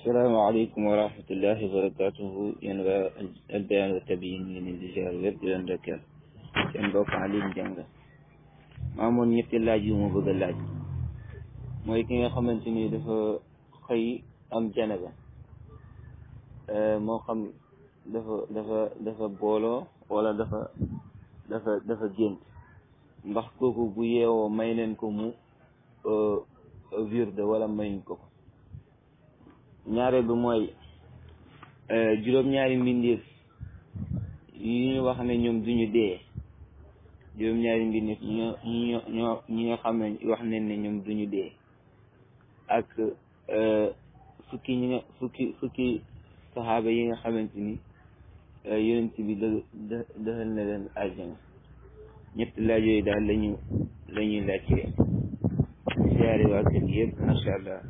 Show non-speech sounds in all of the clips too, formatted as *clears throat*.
السلام عليكم ورحمة الله وبركاته ينبع البيان والتبيين من الجزائر ويبدو أنك ينبع فعليم جنغة ما من يبت اللاجي وما بغى اللاجي ما يكن يخمن سنية دفع خي أم جنغة آه، ما خم دفع بولو ولا دفع دفع دفع جنت بحكوكو بيه ومينن كمو فيرد آه، ولا مينكوكو ñaareel bi mooy euh, juróom-ñaari mbindeef yi ñu wax ne ñoom duñu dee juróom-ñaari mbindeef ñoo ñoo ñoo ñi nga xam ne wax nañ ne ñoom duñu dee ak euh, fukki ñi nga fukki fukki saxaaba yi nga xamante ni euh, yonent bi da da defal na leen àjjana ñett laaj yooyu daal lañu la ñuy laajte siyaare waa kër macha allah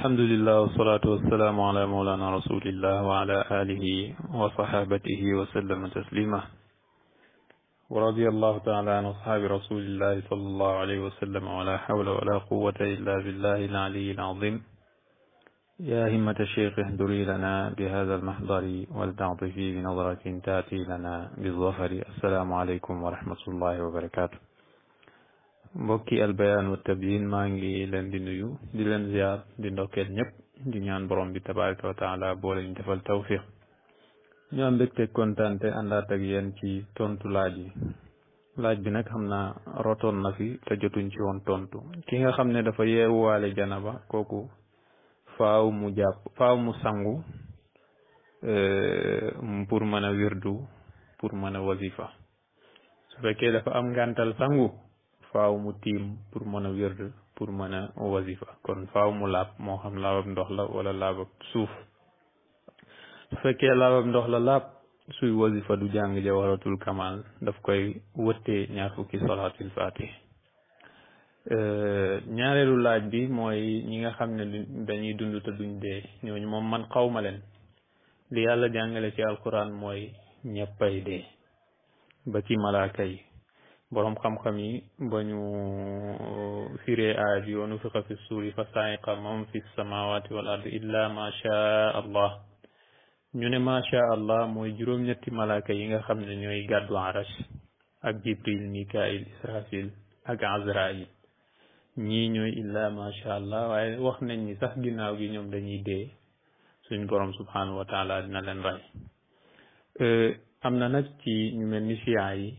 الحمد لله والصلاة والسلام على مولانا رسول الله وعلى آله وصحابته وسلم تسليما ورضي الله تعالى عن أصحاب رسول الله صلى الله عليه وسلم ولا حول ولا قوة إلا بالله العلي العظيم يا همة الشيخ اهدري لنا بهذا المحضر ولتعطفي بنظرة تأتي لنا بالظفر السلام عليكم ورحمة الله وبركاته mbokki albayaan wa tabyin maa ngi leen di nuyu di len ziar di ndokkeel ñëpp di ñaan borom bi tabaraka wa taala boole ñu defal tawfiq ñu am mbégte kontaan te àndaat ak yéen ci tontu laaj yi laaj bi nag xam naa rotoon na fi te jotuñ ci woon tontu ki nga xam ne dafa jana ba kooku faaw mu jàpp faaw mu sangu euh, pour mën a wirdu pour mën a wasifa su fekkee dafa am ngàntal sangu faaw mu tiim pour mën a wérd pour mën a wasifa kon faaw mu laab moo xam laabab ndox la wala laabab suuf su fekkee laabab ndox la laab suy wasifa du jàng jawaratul kamal daf koy wëte ñaar fukki salaatul fatih ñaareelu laaj bi mooy ñi nga xam ne dañuy dund te duñ dee ñooñu moom man xawma leen li yàlla jàngale ci alquran mooy ñeppay dee ba ci kay borom xam-xam yi ba ñu uh, firee aaya bi wa nufixa fi suuri fa saayiqa man fi samawati wal illa ma sha allah ñu ne ma sha allah mooy juróom-ñetti malaaka yi nga xam ne ñooy gàddu arash ak jibril mikail israfil ak azrail ñii ñooy illa ma sha allah waaye wax nañ ni sax ginnaaw gi ñoom dañuy dee suñ borom subhanahu wa taala dina leen rey uh, am na nag ci ñu mel ni siyaa yi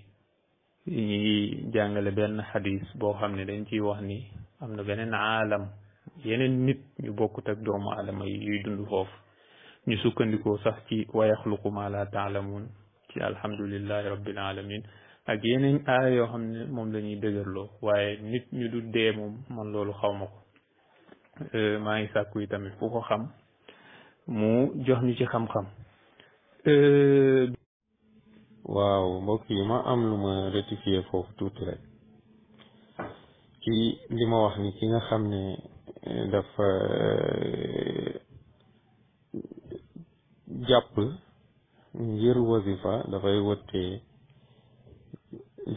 ñu ngi jàngale benn xadis boo xam ne dañ ciy wax ni am na beneen aalam yeneen nit ñu bokkut ak doomu aadama yi yuy dund foofu ñu sukkandikoo sax ci wa yaxluqu ma la taalamuun ci alhamdulillahi rabbil alamin ak yeneen aaya yoo xam ne moom lañuy ñuy dëgërloo waaye nit ñu du moom man loolu xaw euh, maa ngi sàkku yi tamit ku xam mu jox ñu ci xam-xam euh, waaw mbokk yi ma am lu ma rectifier foofu tuuti rek ci li ma wax ni ki nga xam ne eh, dafa eh, jàpp ngir wasifa dafay wëttee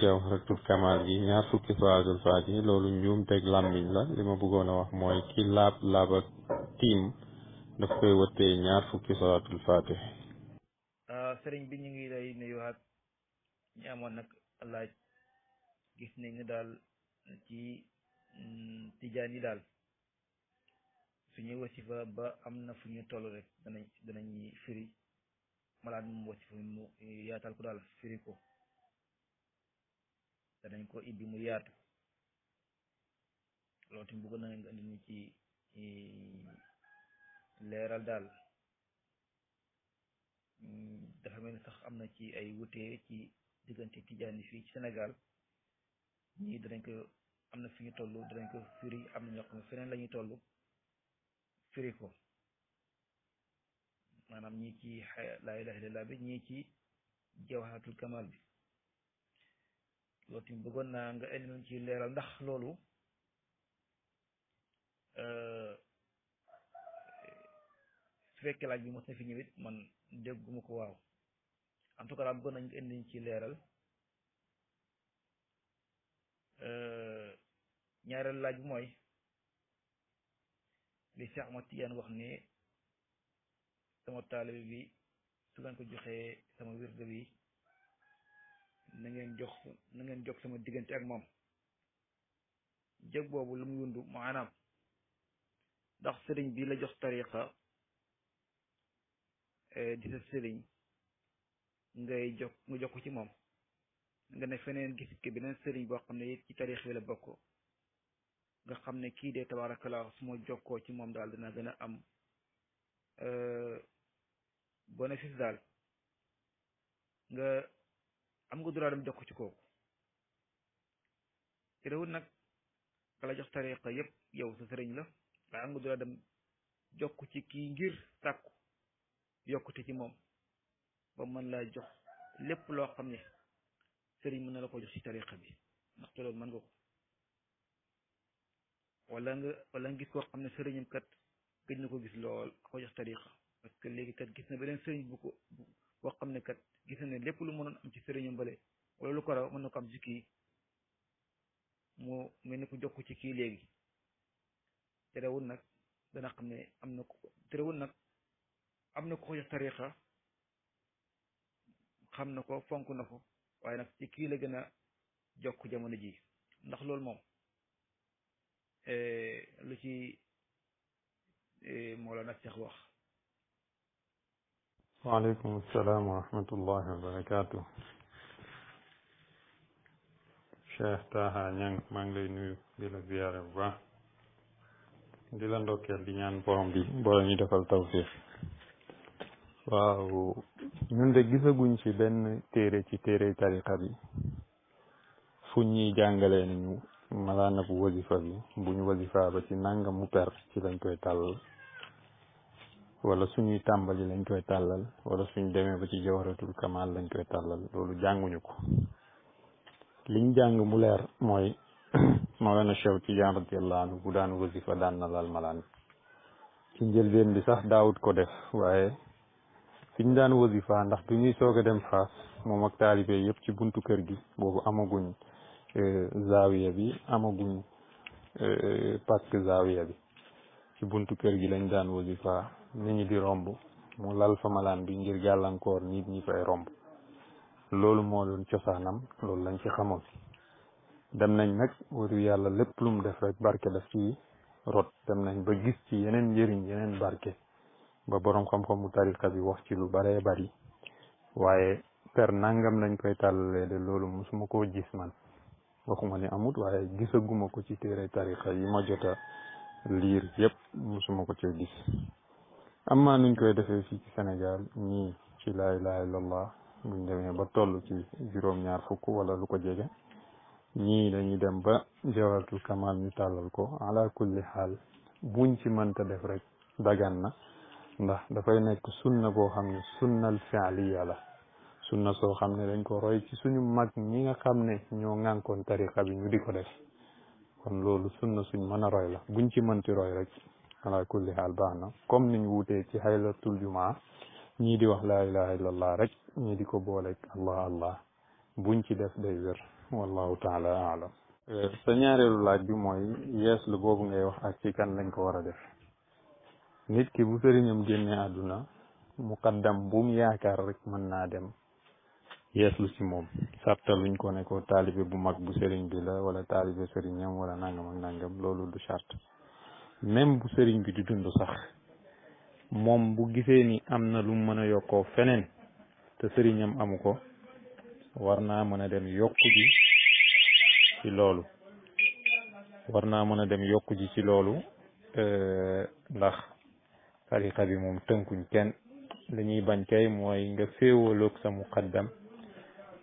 jawharatul kamal gi ñaar fukki soasul faat yi loolu njuum teg làmmiñ la li ma bëggoon a wax mooy ki laab laab ak tiim koy wëttee ñaar fukki salaatul faatih sëriñ bi ñu ngi lay nuyuwaat ñu amoon nag laaj gis nañ ne daal ci mm, tijaan yi daal suñuy wasifa ba am na fu ñu toll rek danañ danañuy firi malaat moom wasifa mu yaatal ko daal firi ko danañ ko ibbi mu yaatu loolu tamit bëggoon nga indi ci leeral daal mm. dafa mel ni sax am na ci ay wutee ci diggante tijaan fii ci senegal ñii danañ ko am na fi ñu toll danañ ko firi am na ñoo xam ne feneen lañuy ñuy toll firi ko maanaam ñii ci laa ilaaha illallaah bi ñii ci jawharatul kamal bi loolu tamit bëggoon naa nga indi noonu ci leeral ndax loolu euh, su fekkee laaj bi mos na fi ñëwit man dégguma ko waaw en tout cas daal bëggoon nañ ko indiñ ci leeral euh, ñaareel laaj mooy li Cheikh Ahmad Tidiane wax ni sama taalibe bi su ngeen ko joxee sama wirde bi na ngeen jox na jox sama diggante ak moom jëg boobu lu mu yundu maanaam ndax sëriñ bi la jox tariqa eh, di sa sëriñ ngay jokk nga jokk ci moom nga ne feneen gis ki beneen sëriñ boo xam ne it ci tarix la bokk nga xam ne kii de tabaarakallaa su ma jokkoo ci moom daal dina gën a am euh, bénéfice daal nga am nga droit dem jokk ci kooku te réewul nag kala jox tariqa yépp yow sa sëriñ la waaye am nga droit dem jokk ci kii ngir sàkku yokkute ci moom ba mën laa jox lépp loo xam ne sëriñ mën na la ko jox ci tariqa bi ndaxte loolu mën nga ko wala nga wala nga gis koo xam ne sëriñam kat gëj na ko gis lool ko jox tariqa parce que léegi kat gis na beneen sëriñ bu ko boo xam ne kat gis na ne lépp lu mënoon am ci sëriñam bële wala lu ko raw mën na ko am ci kii moo mel ni ku jox ko ci kii léegi terewul nag dana xam ne am na ko terewul nag am na ko ko jox tariqa xam na ko fonk na ko waaye nag ci kii la gën a jokk jamono ji ndax loolu moom eh, lu ci eh, Mawlana Cheikh wax waaleykum salaam wa rahmatullahi wa barakaatu Cheikh Taha Niang maa ngi lay nuyu di la ziyaare bu baax di la ndokkeel di ñaan borom bi boole ñu defal tawfiq waaw ñun de gisaguñ ci benn téere ci téere tariqa bi fu ñuy jàngalee nañu malaan ak wasifa bi bu ñu wasifaa ba ci nangam mu per ci lañ koy tàllal wala suñuy tàmbali lañ koy tàllal wala suñ demee ba ci jawharatul kamal lañ koy tàllal loolu jànguñu ko liñ jàng mu leer mooy *clears throat* Mawlana Cheikh Tidiane radiyallahu anhu bu daan wasifa daan na laal malaan ci njëlbeen bi sax daawut ko def waaye fiñ daan wasifa ndax du ñuy soog a dem faas moom ak taalibe yëpp ci buntu kër gi boobu amaguñ euh, zaawiya bi amaguñ euh, parce que zaawiya bi ci buntu kër gi lañ daan wasifa nit ñi di romb mu lal fa malaan bi ngir gàllankoor nit ñi fay romb loolu moo doon cosaanam loolu lañ ci xamoon dem nañ nag wëru yàlla lépp lu mu def rek barke def ci rot dem nañ ba gis ci yeneen njëriñ yeneen barke ba borom xam-xamu tariqa bi wax ci lu baree bari waaye per nangam lañ koy tàllalee de loolu suma koo gis man waxuma ne amut waaye gisaguma ko ci téere tariqa yi ma jota a liir yëpp musuma ko cee gis amma nuñ koy defee fii ci Sénégal ñii ci laa ilaha illallah buñ demee ba toll ci juróom-ñaar fukk wala lu ko jege ñii dañuy dem ba jawaratul kamal ñu tàllal ko ala kulli xaal buñ ci mënta def rek dagan na ndax dafay nekk sunna boo xam ne sunnal fi'liya la sunna soo xam ne dañ ko roy ci suñu mag ñi nga xam ne ñoo ŋànkoon tariqa bi ñu di ko def kon loolu sunna suñ mën a roy la ñu ci mënti roy rek ala kulli xaal baax na comme niñ wutee ci xaylatul jumaa ñii di wax laa ilaha illallah rek ñii di ko booleeg allah allah buñ ci def day wér wallahu taala aalam eh, sa ñaareelu laaj bi mooy yeeslu boobu ngay wax ak ci kan lañ ko war a def nit ki bu sëriñam génne àdduna muqaddam bu mu yaakaar rek mën naa dem yeeslu ci moom sartaluñ ko ne ko taalibe bu mag bu sëriñ bi la wala taalibe sëriñam wala nangam ak nangam loolu du charte même bu sëriñ bi di dund sax moom bu gisee ni am na lu mën a yokkoo feneen te sëriñam amu ko war naa mën a dem yokku loolu war naa mën a dem yokku ji ci loolu euh, ndax tariqa bi moom tënkuñ kenn li bañ kay mooy nga féewaloog sa muqaddam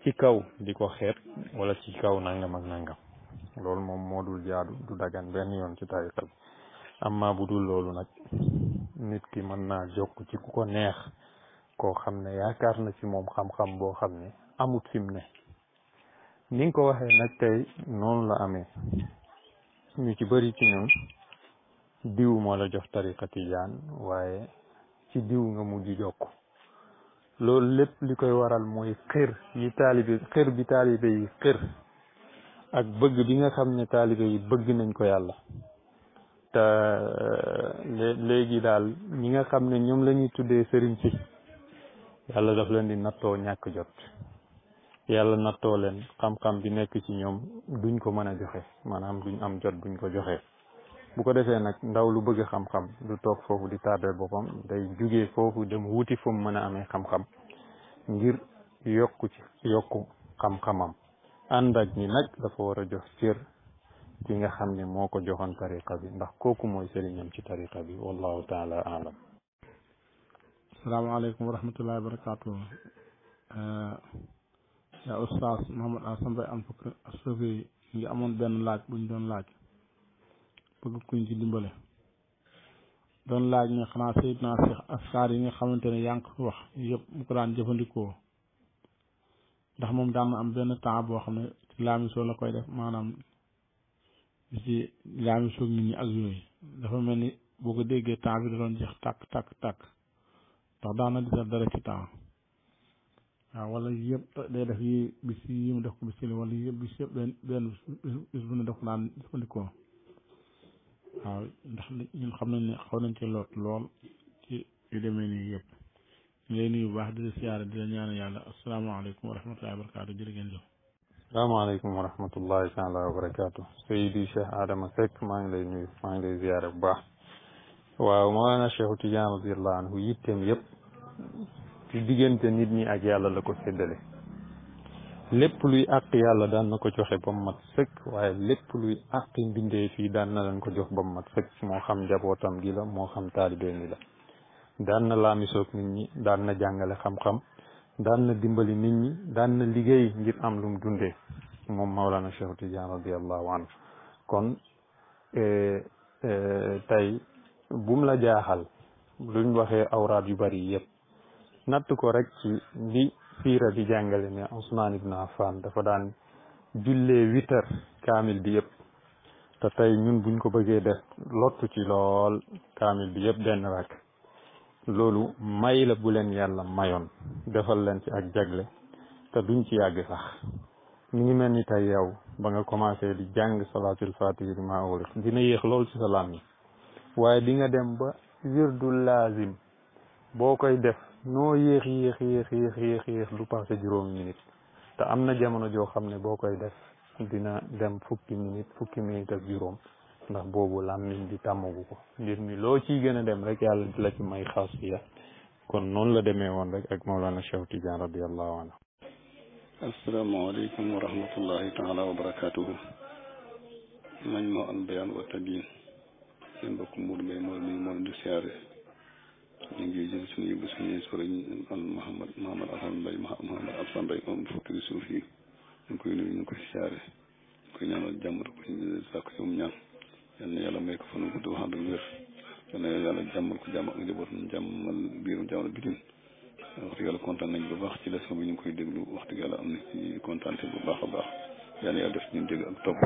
ci kaw di ko xeet wala ci kaw nangam ak nangam loolu moom moo dul jaadu du dagan benn yoon ci tariqa bi amma bu dul loolu nag nit ki mën naa jokk ci ku ko neex koo xam ne yaakaar na ci moom xam-xam boo xam ne amut fi ne ni ko waxee nag tey noonu la amee ñu ci bëri ci ñun diw moo la jox tariqa tijaan waaye ci diw nga mujj jokk loolu lépp li koy waral mooy xër yi taalibe xër bi taalibe yi xër ak bëgg bi nga xam ne taalibe yi bëgg nañ ko yàlla te euh, léegi daal ñi nga xam ne ñoom lañuy tuddee sëriñ si yàlla daf leen di nattoo ñàkk jot yàlla nattoo leen xam-xam bi nekk ci ñoom duñ ko mën a joxe maanaam duñ am jot buñ ko joxe bu ko defee nag ndaw lu bëgg xam-xam du toog foofu di tardel boppam day jugee foofu dem wuti fu mën a amee xam-xam ngir yokku ci yokku xam-xamam ànd ak ni nag dafa war a jox cër ki nga xam ne moo ko joxoon tariqa bi ndax kooku mooy sëriñam ci tariqa bi wallahu taala alam salaamaaleykum wa rahmatullahi wa barakatuh yaa oustaz Mouhamed Assane am fukk assofi ngi amoon benn laaj buñ doon laaj bëgg kuñ ci dimbale doon laaj ne xanaa Seydina Cheikh askar yi nga xamante ne yaa ko wax yëpp mu ko daan jëfandikoo ndax moom daan na am benn temps boo xam ne ci laamisoo la koy def maanaam di ci laamisoo nit ñi ak yooyu dafa mel ni boo ko déggee temps bi da doon jeex tàkk tàkk tàkk ndax daan na disal dara ci temps waaw wala yëpp day def yi bis yi mu def ko bis yi wala yëpp bis yëpp benn benn bis bu ne def ko daan jëfandikoo waaw ndax ñun xam nañ ne xaw nañ ci lot lool ci yu demee nii yëpp lay nuyu bu baax di la di la ñaan yàlla asalaamaaleykum wa rahmatullahi wa barakaatu jërë ngeen jëf salaamaaleykum wa rahmatullahi taala wa barakaatu Seydi Cheikh Adama Seck maa ngi lay nuyu maa ngi lay ziyaare bu baax waaw Mawlana Cheikhu Tidiane radiallahu anhu yitteem yëpp ci diggante nit ñi ak yàlla la ko séddale lépp luy àq yàlla daan na ko joxe ba mu mat waaye lépp luy àqi mbindee fii daan na leen ko jox ba mu mat sëkk moo xam njabootam gi la moo xam taalibee mi la daan na laamisoog nit ñi daan na jàngale xam-xam daan na dimbali nit ñi daan na liggéey ngir am lum dundee moom Mawlana Cheikh Tidiane radiallahu anhu kon e, e, tey bum la jaaxal luñ waxee awraat yu bari yépp natt ko rek ci li siira di jàngale ne Ousmane Ibn Affan dafa daan jullee witar kaamil bi yëpp te tey ñun buñ ko bëggee def lottu ci lool kaamil bi yëpp benn rakk loolu mayla bu leen yàlla mayoon defal leen ci ak jagle te duñ ci yàgg sax mi ngi mel ni tey yow ba nga commencé di jàng salaatul fatihi bi maa dina yéex lool ci sa làmmiñ waaye dinga dem ba wirdu laazim boo koy def noo yéex yéex yéex yéex yéex du passé juróomi minute te am na jamono joo xam ne boo koy def dina dem fukki minute fukki minute juróom ndax boobu làmmiñ bi tàmmagu ko mbir mi loo ciy gën a dem rek yàlla di la ci may xaasiya kon noonu la demee woon rek ak Mawlana Cheikh Tidiane radiallahu anhu asalaamaaleykum wa rahmatullahi taala wa barakatuhu mañ moo am bayaan wa tabiin seen mbokk muur mbay mool mi mool ñu ngi jël suñu yóbbu suñu sëriñ al Mouhamad Mouhamad Assane Mbaye Mouhamad Assane Mbaye moom fukki suuf yi ñu ngi koy nuyu ñu ngi koy siyaare ñu koy ñaanal jàmm ko sàkk ci moom ñaan yal na yàlla may ko fan gudd wax ak wér yal na yàlla jàmmal ko jàmm ak njabootam jàmmal biirum jàmmal bitim wax dëgg yàlla kontaan nañ bu baax ci leçon bi ñu ngi koy déglu wax dëgg yàlla am na ci kontaan bu baax a baax yal na yàlla def ñu dégg ak topp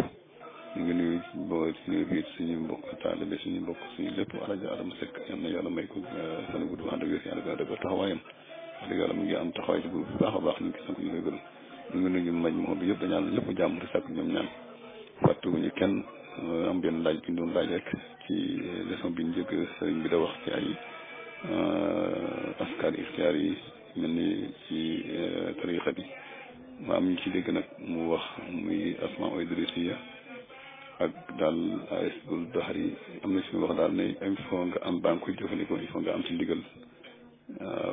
ñu ngi nuyu bo suñu biir suñu mbokk taalibe suñu mbokk suñu lépp alaja Adama Seck yal na yàlla may ko euh, fan gudd ànd ak wér yàlla gën a dëgër taxawaayam wax dëgg yàlla mu ngi am taxawaay ci bu baax a baax ñu ngi sant ñu koy gërëm ñu ngi nuyu maj moom bi yëpp dañaan la ñëpp jàmm di sàkk ñoom ñaan fàttewuñu kenn euh, am benn laaj bi ñu doon laaj rek ci euh, leçon bi njëkk sëriñ bi da wax ci ay askar ixtiyaar yi mel ni ci tariixa bi ma am ñu ci dégg nag mu wax muy asma oy drisiya ak daal ay dahri yi am na suñu wax daal ne il am banque koy jëfandikoo il faut nga am ci ndigal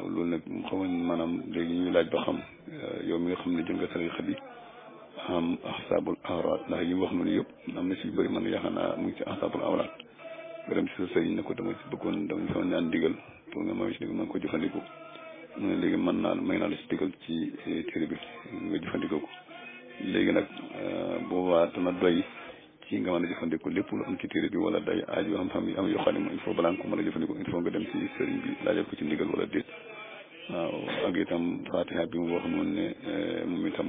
loolu nag xamoon maanaam léegi ñu laaj ba xam euh, yow mi nga xam ne jël nga tarixa bi am ahsaabul awraat ndax yi mu wax noonu yëpp am na si bëri man yaakaar naa mu ngi ci ahsaabul awraat nga dem si sa sëriñ ne ko dama si bëggoon dama si ñaan ndigal pour nga may si ko jëfandikoo mu léegi mën naa may naa la si ndigal ci euh, téere bi nga jëfandikoo ko léegi nag euh, boobaa dana doy ci nga mën a jëfandikoo lépp lu am ci téere bi wala day aaju xam-xam am yoo xam ne moom il faut ko mën a jëfandikoo il faut nga dem ci ko ci ndigal wala déet waaw ak itam fatiha bi mu wax noonu ne eh, moom itam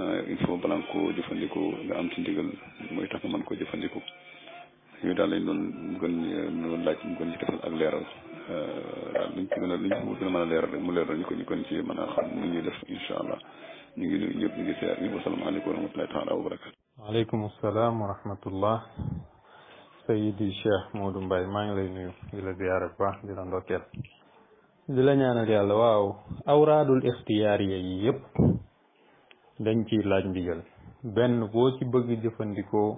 eh, il faut balaa koo jëfandikoo nga am ci ndigal mooy tax man mën koo jëfandikoo yooyu daal lañ doon gën gën ci ak leeral eh, daal luñ ci gën a luñ ko gën a mën leeral mu leeral ñu ko ñu gën ci a xam ni ñuy def incha allah ñu ngi nuyu ñëpp ñu ngi seer ñëpp wasalaamaaleykum wa rahmatullahi taala wa barakatu waaleykum salaam wa rahmatullah sayidi cheikh Modou Mbaye maa ngi lay nuyu di la ziyaara bu baax di la ndokkeel di la ñaanal yàlla waaw awraadul ixtiyaariya yi yépp dañ ciy laaj ndigal benn boo ci bëgg jëfandikoo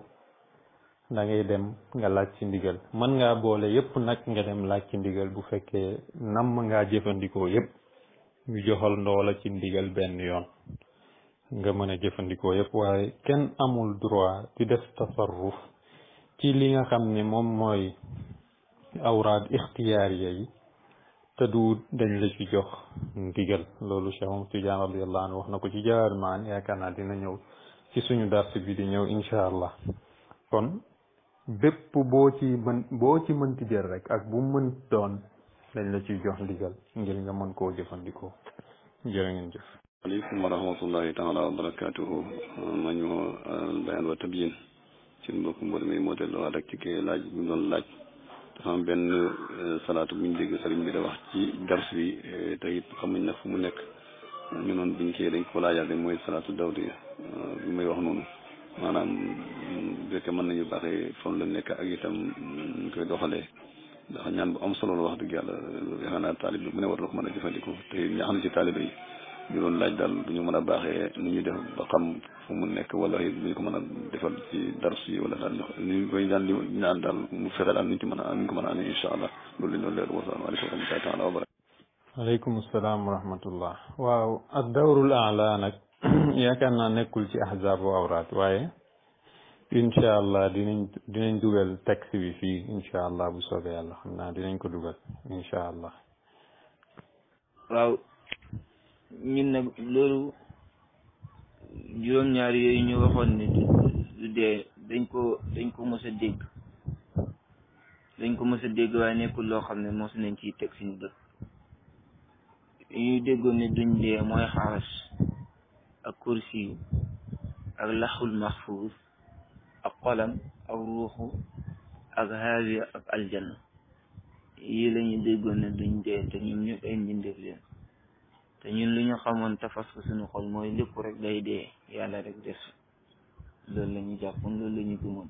da ngay dem nga laaj ci ndigal man ngaa boole yépp nag nga dem laaj ci ndigal bu fekkee namm ngaa jëfandikoo yépp ñu joxal ndoola ci ndigal benn yoon nga mën a jëfandikoo yépp waaye kenn amul droit di def tasarruf ci li nga xam ni moom mooy awraad ixtiyaariya yi te du dañ la ci jox ndigal loolu Cheikh Ahmad Tidiane radiyallahu anhu wax na ko ci jaar maan yaakaar naa dina ñëw ci suñu dars bi di ñëw incha allah kon bépp boo ci mën boo ci mënti jël rek ak bu mën doon dañ la ciy jox ndigal ngir nga mën koo jëfandikoo jërë jëf aleykum wa rahmatullahi taala wa barakatuhu ma ñu euh, bayan wa tabyin ci mbokk mbër mi moo delluwaat rek ci kii laaj bi mu doon laaj dafa euh, bu ñu dégg sëriñ bi wax ci dars bi euh, te it xamuñ nag fu mu nekk ñu noonu biñ kii dañ ko laajaat mooy salaatu dawdi bi may wax noonu maanaam fekk mën nañu baaxee fan la nekk ak itam ñu koy doxalee ndax ñaan bu am solo la wax dëgg yàlla xanaa taalib bi mu ne war na ko mën a jëfandikoo te ñaax na ci taalibe yi يقول لا دال نيو مانا باخي ني ديف با خام فمو ولا ني كو مانا ديفال سي درس ولا دال ني كو دال نان دال مو فيرال ني كو مانا ني كو مانا ان شاء الله لول نول لير وسلام عليكم ورحمه الله تعالى وبركاته عليكم السلام ورحمه الله واو الدور الاعلى نك يا كان نيكول سي احزاب واورات واي ان شاء الله دينا دينا دوغال تاكسي في ان شاء الله بو سوبي الله حنا دينا ان شاء الله واو ñun nag loolu juróom-ñaar yooyu ñu waxoon ne du dee dañ ko dañ ko mës a dégg dañ ko mës a dégg waaye nekkul loo xam ne mos nañ ciy teg suñu bët ñuy déggoon ne duñ dee mooy xaras ak kursi ak laxul maxfuus ak xolam ak ruuxu ak haawiya ak aljanna yii la ñuy déggoon ne duñ dee te ñoom ñëpp ay mbindeef leen te ñun li ñu xamoon te fas ko suñu xol mooy lépp rek lay dee yàlla rek des loolu la ñu jàppoon loolu la ñu gëmoon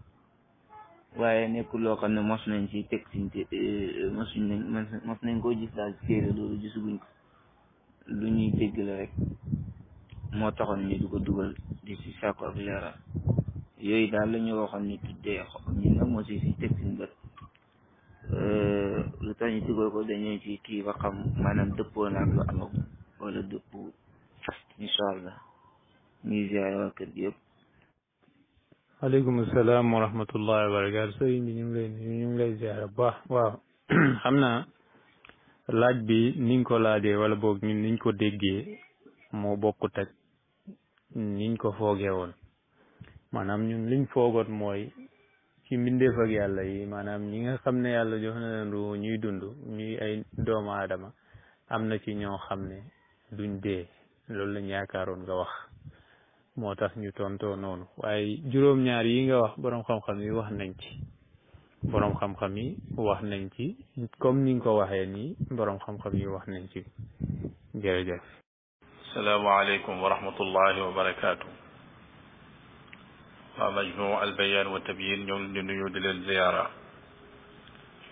waaye nekkul loo xam ne mos nañ ci teg siñ te eh, eh, mosuñ nañ mos nañ koo gis daal ci téere loolu gisuguñ ko lu ñuy dégg la rek moo taxoon ni du ko dugal di si sàkku ak leeral yooyu daal la ñu waxoon ni tuddee ñun nag moo si si teg siñ eh, lu tax ñu dugal ko dañoo ci kii ba xam maanaam dëppoo naag lu amagum wala dëpp incha allah ñuy ziare waa kër yëpp aleykum salaam wa rahmatullahi wa barakatu bi ñu ngi lay ñu ngi lay ziare baax waaw *clears throat* xam naa laaj bi niñ ko laajee wala boog ñun niñ ko déggee moo bokkut ak niñ ko foogee woon maanaam ñun liñ foogoon mooy ci mbindeef ak yàlla yi maanaam ñi nga xam ne yàlla jox na leen ñuy dund ñuy ay doomu aadama am na ci ñoo xam ne duñ dee loolu lañ yaakaaroon nga wax moo tax ñu tontoo noonu waaye juróom-ñaar yii nga wax boroom xam-xam yi wax nañ ci boroom xam-xam yi wax nañ ci comme ni nga ko waxee nii boroom xam-xam yi wax nañ ci jërëjëf salaamaaleykum wa rahmatullahi wa barakaatu waa majmuu albayaan wa tabyin ñoom ñu nuyu di leen ziyaara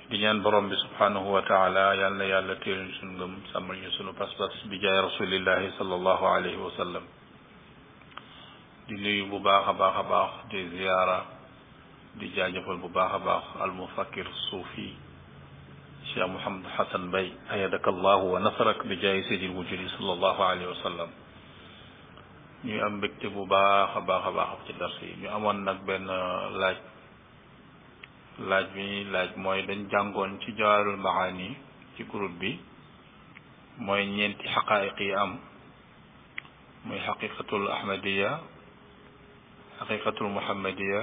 di ñaan borom bi subhanahu wa taala yal na yàlla téel ñu sunu ngëm sàmmal ñu sunu pas-pas bi jaay rasulillahi sallallahu alayhi wa sallam di nuyu bu baax a baax a baax di ziyaara di jaajëfal bu baax a baax al mufakkir suufi cheikh mohamad hasan bay ayadaka allahu wa nasarak bi jaay sayyidil wujudi sallallahu alayhi wa sallam ñuy am mbégte bu baax a baax a baax ci dars yi ñu amoon nag benn laaj laaj bi laaj mooy dañ jàngoon ci jawaarul maxaani ci groupe bi mooy ñeenti xaqaayiq yi am mooy xaqiqatul ahmadiya xaqiqatul muhammadiya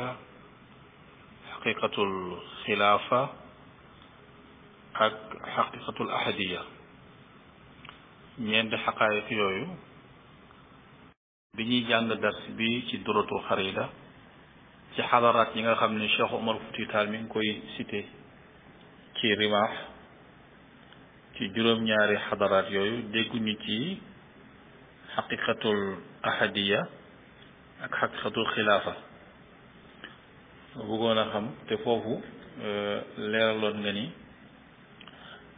xaqiqatul xilaafa ak xaqiqatul ahadiya ñeenti xaqaayiq yooyu bi ñuy jàng dars bi ci duratul xarida ci xadaraat yi nga xam ne Cheikh Omar Fouti Taal mi ngi koy cité ci rimaax ci juróom-ñaari xadaraat yooyu dégguñu ci xaqiqatul ahadiya ak xaqiqatul xilaafa bëggoon a xam te foofu euh, leeraloon nga ni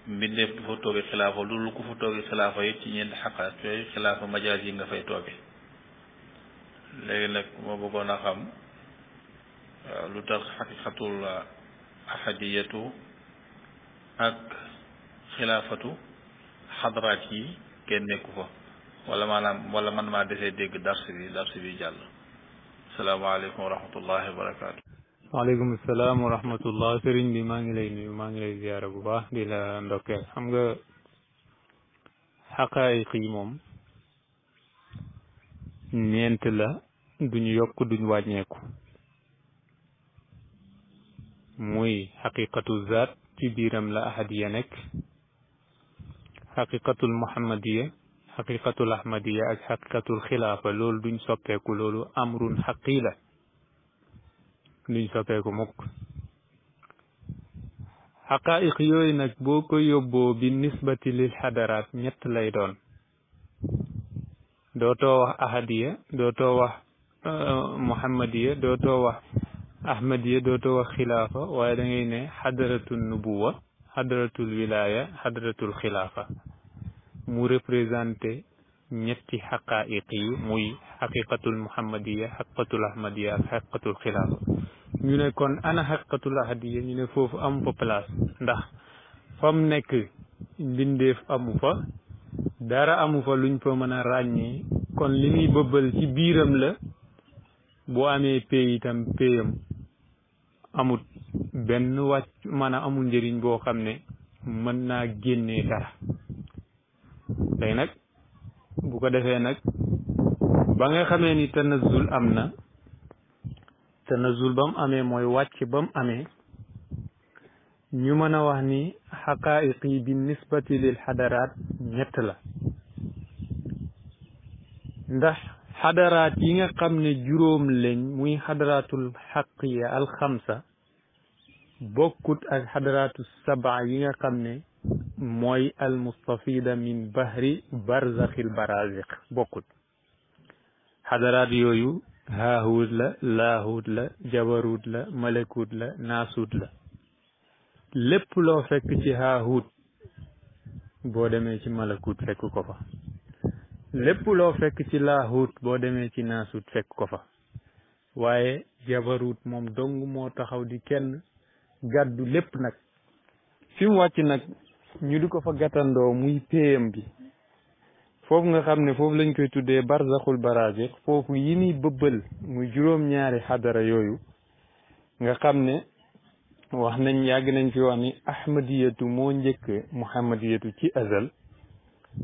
mbindeef du fa tooge xilaafa loolu ku fa tooge xilaafa yi ci ñeenti xaqaat yooyu xilaafa majaas yi nga fay tooge léegi nag ma bëggoon a xam Eh, lu tax xaqiqatul eh, ahadiyatu ak xilaafatu xadraat yi kenn nekku fa wala maanaam man maa desee dégg dars bi jàll salaamaaleykum wa rahmatullahi wa barakaatu salaam wa rahmatullah sëriñ bi maa ngi lay nuyu maa ngi lay bu baax xam nga xaqaayiq yi moom ñeent la duñu yokk duñu wàññeeku موي حقيقة الذات بيرم لا أحد ينك حقيقة المحمدية حقيقة الأحمدية أك حقيقة الخلافة لول دون سبتك لولو أمر حقيلة دون سبتك موك حقائق يوينك بوكو يبو بالنسبة للحضرات نت لايدون دوتو أحدية دوتو آه، محمدية دوتو ahmadiya dootoo wax xilaafa waaye da ngay ne xadaratul nubuwa xadaratul wilaya xadaratul xilaafa mu représenté ñetti xaqaayiq yi muy xaqiqatul muhammadiya xaqiqatul ahmadiya ak xaqiqatul xilaafa ñu ne kon ana xaqiqatul ahadiya ñu ne foofu am fa place ndax fam nekk mbindeef amu fa dara amu fa luñ fa mën a ràññee kon li muy bëbbal ci biiram la bu amee pay itam payam amut benn wàcc maanaam amul njëriñ boo xam ne mën naa génne dara léegi nag bu ko defee nag ba nga xamee ni tanazul am na tanazul ba mu amee mooy wàcc ba mu amee ñu mën a wax ni xaqaayiq yi bi nisbati lil xadaraat ñett la ndax xadaraat yi nga xam ne juróom lañ muy xadaraatul xaqiya alxamsa bokkut ak xadaraatu sabaa yi nga xam ne mooy almustafida min bahri barzaxil baraziq bokkut xadaraat yooyu haahut la laahut la jabarut la malakut la naasut la lépp loo fekk ci haahut boo demee ci malakut fekk ko fa lépp loo fekk ci laahuut boo demee ci naasuut fekk ko fa waaye jabaruut moom dong moo taxaw di kenn gàddu lépp nag fi mu wàcc nag ñu di ko fa gàttandoo muy péyam bi foofu nga xam ne foofu lañ koy tuddee barzaxul baraziq foofu yi muy bëbbal muy juróom-ñaari xadara yooyu nga xam ne wax nañ yàgg nañ fi wax ni ahmadiyatu moo njëkk muhammadiyatu ci azal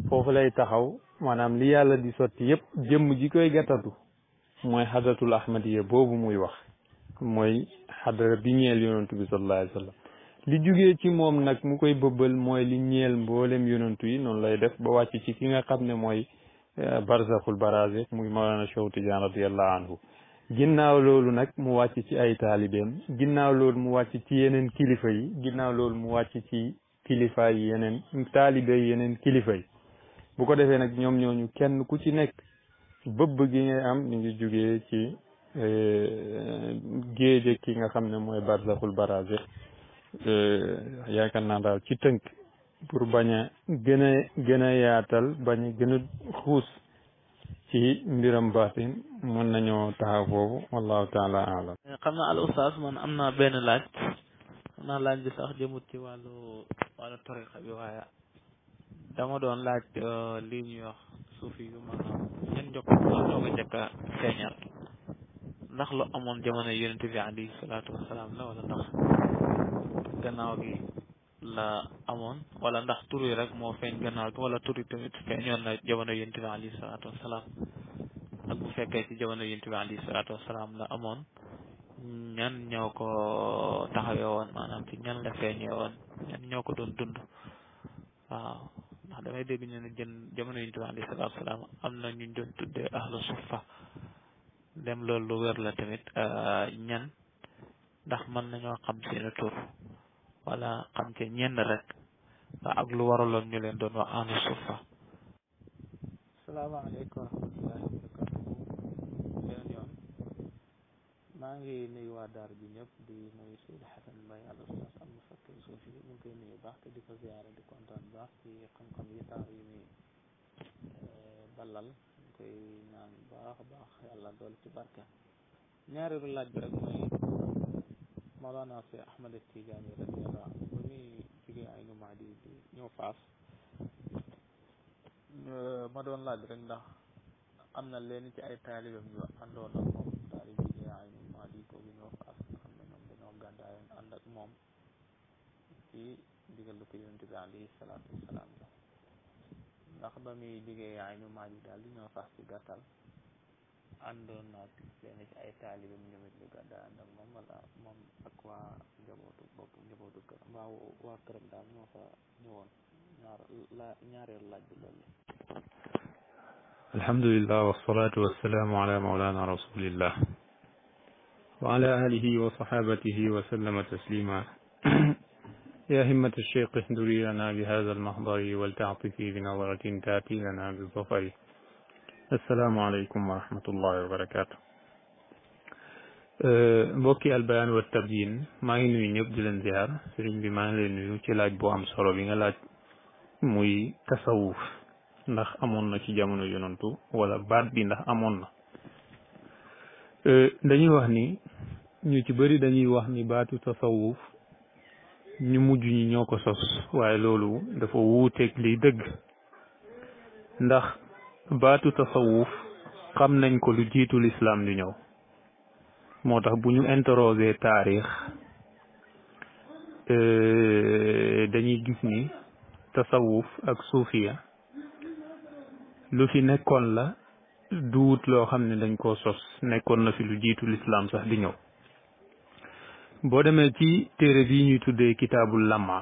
foofu lay taxaw maanaam li yàlla di sotti yépp jëmm ji koy gatatu mooy xadratul ahmadiya boobu muy wax mooy xadara bi ñeel yonantu bi sallallahu alayhi li jugee ci moom nag mu koy bëbbal mooy li ñeel mboolem yonantu yi noonu lay def ba wàcc ci ki nga xam ne mooy euh, barzaxul baraze muy mawlana Cheikh Tidiane radiallahu anhu ginnaaw loolu nag mu wàcc ci ay taalibeem ginnaaw loolu mu wàcc ci yeneen kilifa yi ginnaaw loolu mu wàcc ci kilifa yeneen taalibe yeneen kilifa yi bu ko defee nag ñoom ñooñu kenn ku ci nekk bëbb gi am ñu ngi jugee ci euh, géeje ki nga xam ne mooy barzaxul baraze euh, yaakaar naa daal ci tënk pour bañ a gën a gën a yaatal bañ a gën a xuus ci mbiram baatin mën nañoo taxaw foofu wallahu taala alam xam naa al oustaz man am naa benn laaj xam naa laaj bi sax jëmut ci wàllu wàllu tariqa waaye dama doon laaj uh, li ñuy wax suufi yu maanaam lu amoon jamono yonente bi alayhi salaatu wasalaam wala ndax tur yi rek moo wala tur yi tamit feeñoon na bu fekkee ci jamono yonente la amoon ñan ñoo ko taxawee woon maanaam ci ñan la feeñee woon ñan ñoo ko doon dund waaw ndax damay dégg ñu ne jën jamono yuñ tubaab alayhi salaatu salaam am na ñu doon tuddee ahlu suffa dem loolu lu wér la tamit euh, ñan ndax mën nañoo xam seen tur wala xam ci ñenn rek ak lu waraloon ñu leen doon wax ahlu suffa. salaamaaleykum wa rahmatullaahi wa barakaatuh bi ñëpp di ko fi baax te di ko ziyaare di kontaan baax ci xam-xam yi taar yi muy balal eh, ñu naan baax a baax yàlla dool ci barka ñaareelu laaj bi rek mooy Mawlana si Ahmad Tijaani radiyallahu anhu ba eh, ma doon laaj rek ndax am na leen ci ay taalibam yu àndoon ak moom daal di jigee ay nu maa di faas nga xam ne ñoom dañoo gàddaayoon ànd ak moom ci digal ko yonent bi alayhi salaatu wasalaam la ndax ba muy liggéey aynu maalik daal di ñoo sax ci gàttal àndoon naag lenn ci ay taalibam ñoomit ñu gàddaa ànd ak moom wala moom ak waa njabootu bopp njabootu kër waa waa këram daal ñoo fa ñëwoon ñaar la ñaareelu laaj bi loolu alhamdulillah wasalaatu wasalaamu ala maulana rasulillah wa ala alihi wa sahabatihi wa sallama taslima يا همة الشيخ احذري لنا بهذا المحضر ولتعطفي بنظرة تأتي لنا بالظفر السلام عليكم ورحمة الله وبركاته بوكي البيان والتبيين ما ينو ينب دلن ديار سرين بما ينو يتلاج بو أمسارو بينا لاج موي تصوف نخ أمونا كي جامون يننتو ولا بعد بي نخ أمونا دنيو هني نيو تبري دني وحني باتو تصوف ñu mujj ñi ñoo ko sos waaye loolu dafa wuuteeg liy dëgg ndax baatu tasawuf xam nañ ko lu jiitu lislaam di ñëw moo tax bu ñu interroger taarix euh, dañuy gis ni tasawuf ak suufiya lu fi nekkoon la duut loo xam ne dañ koo sos nekkoon na fi lu jiitu lislaam sax di ñëw boo demee ci téere bii ñuy tuddee kitaabul lama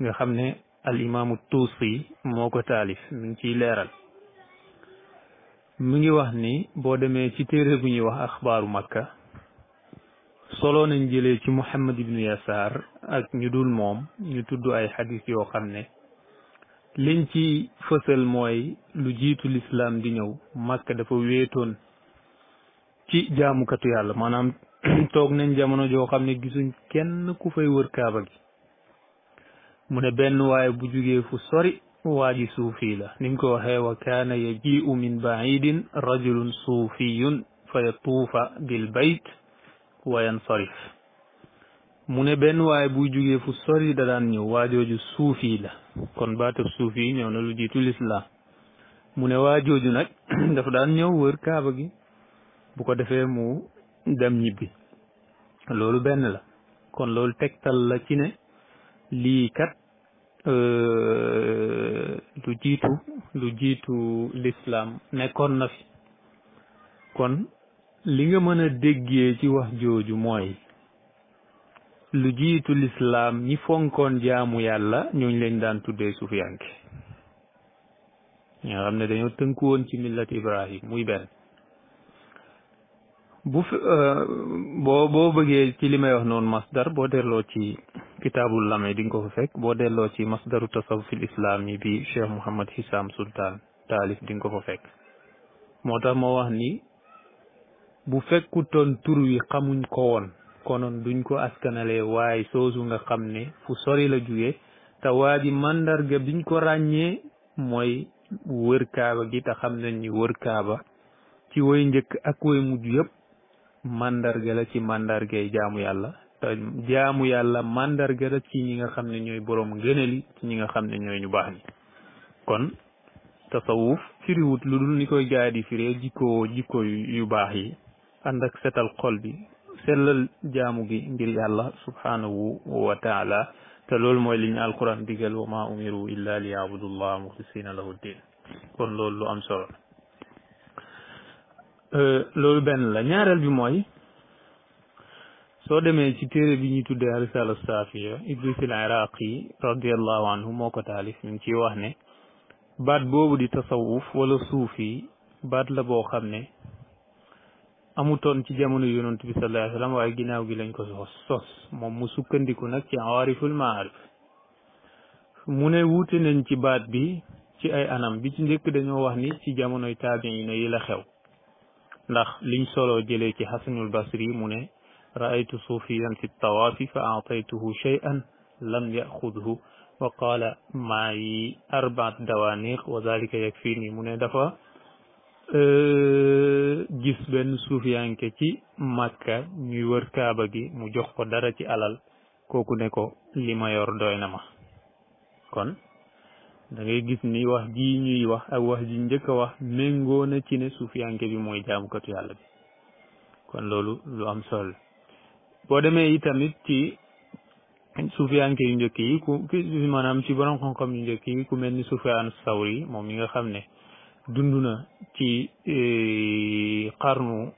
nga xam ne al imaamu tuusi moo ko taalif mu ngi ciy leeral mu ngi wax ni boo demee ci téere bu ñuy wax axbaaru makka solo nañ jëlee ci muhammad ibnu yasaar ak ñu dul moom ñu tudd ay xadis yoo xam ne liñ ci fësal mooy lu jiitu lislaam di ñëw makka dafa wéetoon ci jaamukatu yàlla maanaam toog nañ jamono joo xam ne gisuñ kenn ku fay wër kaaba gi mu ne benn waaye bu jugee fu sori waaji suufi la niñ ko waxee wa kaana yajiu min baidin rajulun suufiyun fa yatuufa bil bayt wa yansarif mu ne benn waaye buy jugee fu sori da daan ñëw waajooju suufi la kon baatab suufi ñëw na lu jiitu lislaam mu ne waajooju nag *clears throat* dafa daan ñëw wër kaaba gi bu ko defee mu dem ñibbi loolu benn la kon loolu tegtal la ci ne lii kat euh, lu jiitu lu jiitu lislaam nekkoon na fi kon li nga mën a déggee ci wax jooju mooy lu jiitu lislaam ñi fonkoon jaamu yàlla ñuñ leen daan tuddee suuf yànke ñoo xam ne dañoo tënku woon ci millat ibrahim muy benn bu fe boo boo bëggee ci li may wax noonu masdar boo delloo ci kitaabul lame di nga ko fa fekk boo delloo ci masdaru tasawuf fil islam yi bi Cheikh Mouhamad Hisam Sultan taalif di nga ko fa fekk moo tax ma wax ni bu fekkutoon tur wi xamuñ ko woon konoon duñ ko askanalee waaye soosu nga xam ne fu sori la jugee te waa ji mandarga biñ ko ràññee mooy wër kaaba gi te xam nañ ni wër kaaba ci woy njëkk ak woy mujj yëpp màndargala la ci mandargay jaamu yàlla te jaamu yàlla mandarga la ci ñi nga xam ne ñooy boroom ngënali ci ñi nga xam ne ñooy ñu baax ni kon tasawuf firiwut lu dul ni koy gaay di firee jikko jikko yu baax yi ànd ak setal xol bi sellal jaamu gi ngir yàlla subhanahu wa te loolu mooy liñ ñu alquran digal wa ma umiru illa li yabudullah muxlisina lahu din kon loolu lu am solo Euh, loolu benn la ñaareel bi mooy soo demee ci téere bi ñuy tuddee arisalu saafiya idris al iraqi radiallahu anhu moo ko taalif mi ngi ciy wax ne baat boobu di tasawuf wala suufi baat la boo xam ne amutoon ci jamono yonent bi sallallahu alayhi waaye ginnaaw gi lañ ko sos sos moom mu sukkandiku nag ci awaariful maarif mu ne wuute nañ ci baat bi ci ay anam bi ci njëkk dañoo wax ni ci jamonoy taabiina yi la xew ndax liñ solo jëlee ci xasanul basri mu ne raaytu suufiyan fi tawaafi fa aataytuhu cheyan lam yaxudhu wa maayi arbaat wa dafa e, gis benn suufiyanke ci màkka ñuy wër kaaba gi mu jox ko dara ci alal kooku ne ko li ma yor doy na ma da ngay gis ni wax ji ñuy wax ak wax ji njëkk a wax méngoo na ci ne suufiyanke bi mooy jaamukatu yàlla bi kon loolu lu am sol boo demee itamit ci suufiyanke yu njëkk yi ku maanaam ci borom xam-xam yu njëkk yi ku mel ni Sufyaan Sawri moom mi nga xam ne dund na ci e, xarnu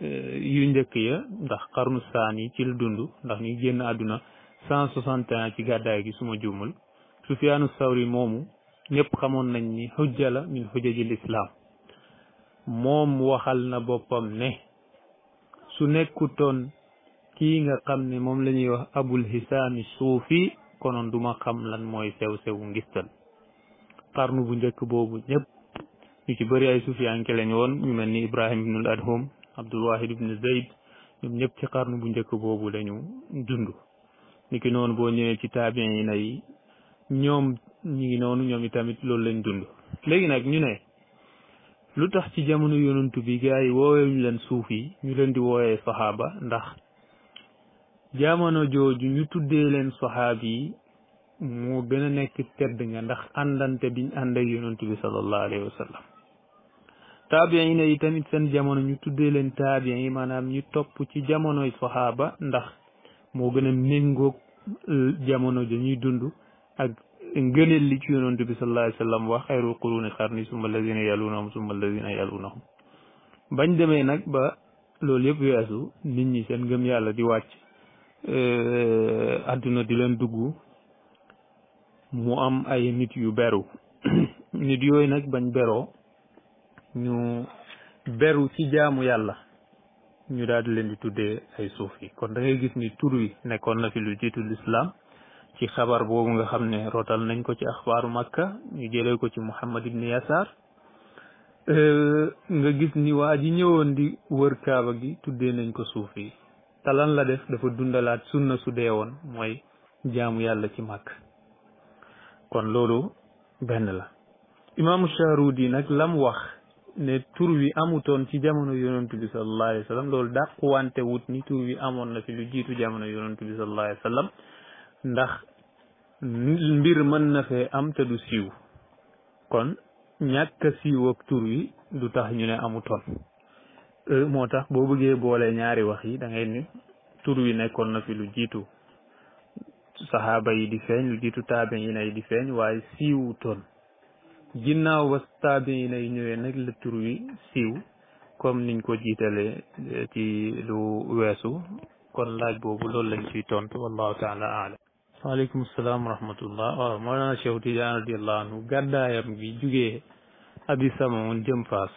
e, yu njëkk ya ndax xarnu saan yi ci lu dund ndax ñu génn àdduna cent soixante et ci gàddaay gi suma juumul Sufyaanu Sawri moomu ñëpp xamoon nañ ni xujja la min xujjaji lislaam moom waxal na boppam ne su nekkutoon kii nga xam ne moom la ñuy wax abul hisaami suufi konoon duma xam lan mooy sew sew ngistal xarnu bu njëkk boobu ñëpp ñu ci bëri ay suufiyanke lañ woon ñu mel ni ibrahim ibnul adhum abdul wahid ibnu zayd ñoom ñëpp ci xarnu bu njëkk boobu lañu dund niki noonu boo ñëwee ci taabiina yi ñoom ñu ngi noonu ñoom itamit loolu lañ dund léegi nag ñu ne lu tax ci jamono yonantu bi gars yi wooweñu leen suuf yi ñu leen di woowee sahaaba ndax jamono jooju ñu tuddee leen sahaaba yi moo gën a nekk tedd nga ndax àndante biñ ànd ak yonantu bi salallahu alayhi wasallam taabien yi ne itamit seen jamono ñu tuddee leen taabien yi maanaam ñu topp ci jamonoy sahaaba ndax moo gën a méngoog euh, jamono jo ñuy dund ak ngëneel li ci yonent bi sallallahu alayhi suma sallam wax xayru quruni xarni summa alladina yalunahum summa alladina yalunahum bañ demee nag ba loolu yëpp weesu nit ñi seen ngëm yàlla di wàcc eh, àdduna di leen dugg mu am ay nit yu beru *coughs* nit yooyu nag bañ beroo ñu beru ci jaamu yàlla ñu daal di leen di tuddee ay suuf yi kon da gis ni tur wi nekkoon na fi lu jiitu lislaam ci xabar boobu nga xam ne rotal nañ ko ci axbaaru makka ñu jëlee ko ci muhammad ibn yasaar euh, nga gis ni waa ji ñëwoon di wër kaaba gi tuddee nañ ko suufi te lan la def dafa dundalaat sunna su dee woon mooy jaamu yàlla ci màkk kon loolu benn la imaamu Shahruudi nag lam wax ne tur wi amutoon ci jamono yonentu bi sallallahu alayhi loolu dàquwante wut ni tur wi amoon na fi lu jiitu jamono yonentu bi sallallahu alayhi ndax mbir mën na fee am te du siiw kon ñàkk a tur wi du tax ñu ne amutoon euh, moo tax boo bëggee boole ñaari wax yi dangay ngay tur wi nekkoon na fi lu jiitu saxaaba yi di feeñ lu jiitu taabiina yi di feeñ waaye siiwutoon ginnaaw ba taabiina yi ñëwee nag la tur wi siiw comme niñ ko jiitalee eh, ci lu weesu kon laaj boobu loolu lañ ciy tontu wallahu taala alam waaleykum salaam wa rahmatullah waaw Mawlana Cheikh Tidiane radiallahu anhu gàddaayam gi jugee Abi Samaun jëm Faas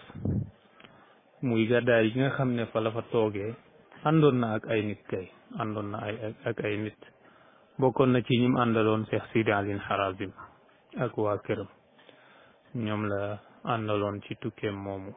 muy gàddaay nga xam ne fa la fa toogee àndoon na ak ay nit kay àndoon na ak ay nit bokkoon na ci ñim àndaloon Cheikh Sidi Alin Harazim ak waa këram ñoom la àndaloon ci tukkeem moomu